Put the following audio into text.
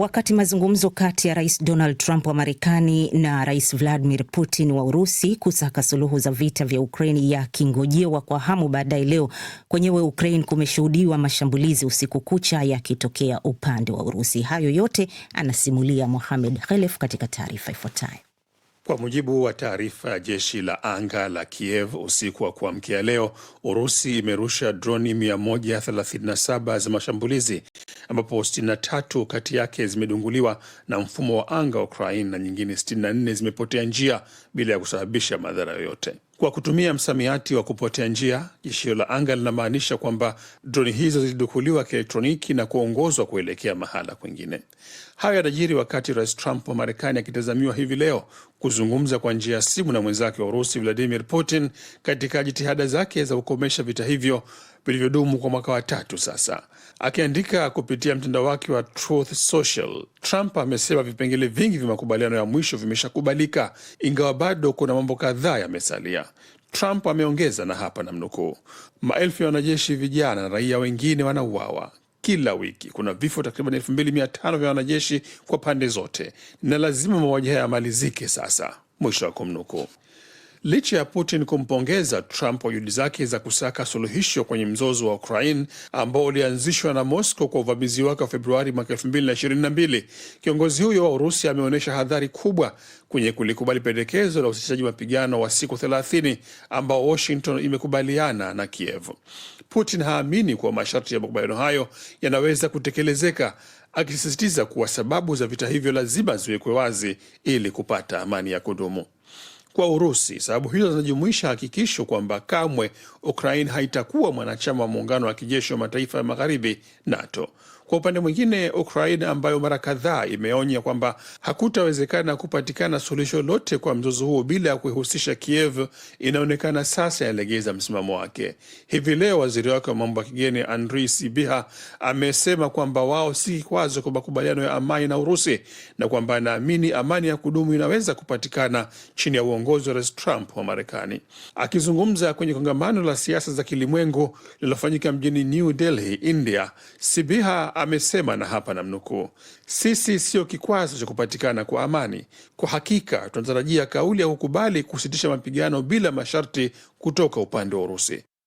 Wakati mazungumzo kati ya Rais Donald Trump wa Marekani na Rais Vladimir Putin wa Urusi kusaka suluhu za vita vya Ukraini yakingojewa kwa hamu baadaye leo, kwenyewe Ukraine kumeshuhudiwa mashambulizi usiku kucha yakitokea upande wa Urusi. Hayo yote anasimulia Mohamed Khelef katika taarifa ifuatayo. Kwa mujibu wa taarifa ya jeshi la anga la Kiev usiku wa kuamkia leo, Urusi imerusha droni 137 za mashambulizi ambapo 63 kati yake zimedunguliwa na mfumo wa anga wa Ukraine na nyingine 64 zimepotea njia bila ya kusababisha madhara yoyote. Kwa kutumia msamiati wa kupotea njia, jishio la anga linamaanisha kwamba droni hizo zilidukuliwa kielektroniki na kuongozwa kuelekea mahala kwingine. Hayo yanajiri wakati Rais Trump wa Marekani akitazamiwa hivi leo kuzungumza kwa njia ya simu na mwenzake wa Urusi Vladimir Putin katika jitihada zake za kukomesha vita hivyo vilivyodumu kwa mwaka wa tatu sasa. Akiandika kupitia mtandao wake wa Truth Social, Trump amesema vipengele vingi vya makubaliano ya mwisho vimeshakubalika, ingawa bado kuna mambo kadhaa yamesalia. Trump ameongeza, na hapa na mnukuu, maelfu ya wanajeshi vijana na raia wengine wanauawa kila wiki. Kuna vifo takriban elfu mbili mia tano vya wanajeshi kwa pande zote, na lazima mauaji haya yamalizike sasa, mwisho wa kumnukuu. Licha ya Putin kumpongeza Trump kwa juhudi zake za kusaka suluhisho kwenye mzozo wa Ukraine ambao ulianzishwa na Moscow kwa uvamizi wake wa Februari mwaka mbili, kiongozi huyo wa Urusi ameonyesha hadhari kubwa kwenye kulikubali pendekezo la usitishaji mapigano wa siku 30 ambao Washington imekubaliana na Kiev. Putin haamini kuwa masharti ya makubaliano hayo yanaweza kutekelezeka, akisisitiza kuwa sababu za vita hivyo lazima ziwekwe wazi ili kupata amani ya kudumu kwa Urusi. Sababu hizo zinajumuisha hakikisho kwamba kamwe Ukraine haitakuwa mwanachama wa muungano wa kijeshi wa mataifa ya magharibi NATO. Kwa upande mwingine, ukrain ambayo mara kadhaa imeonya kwamba hakutawezekana kupatikana suluhisho lote kwa mzozo huo bila ya kuihusisha Kiev, inaonekana sasa yalegeza msimamo wake. Hivi leo waziri wake wa mambo ya kigeni Andrii Sibiha amesema kwamba wao si kikwazo kwa makubaliano ya amani na Urusi na kwamba anaamini amani ya kudumu inaweza kupatikana chini ya uongozi wa Rais Trump wa Marekani. Akizungumza kwenye kongamano la siasa za kilimwengu lililofanyika mjini New Delhi, India, Sibiha amesema, na hapa namnukuu, sisi siyo kikwazo cha kupatikana kwa amani. Kwa hakika tunatarajia kauli ya kukubali kusitisha mapigano bila masharti kutoka upande wa Urusi.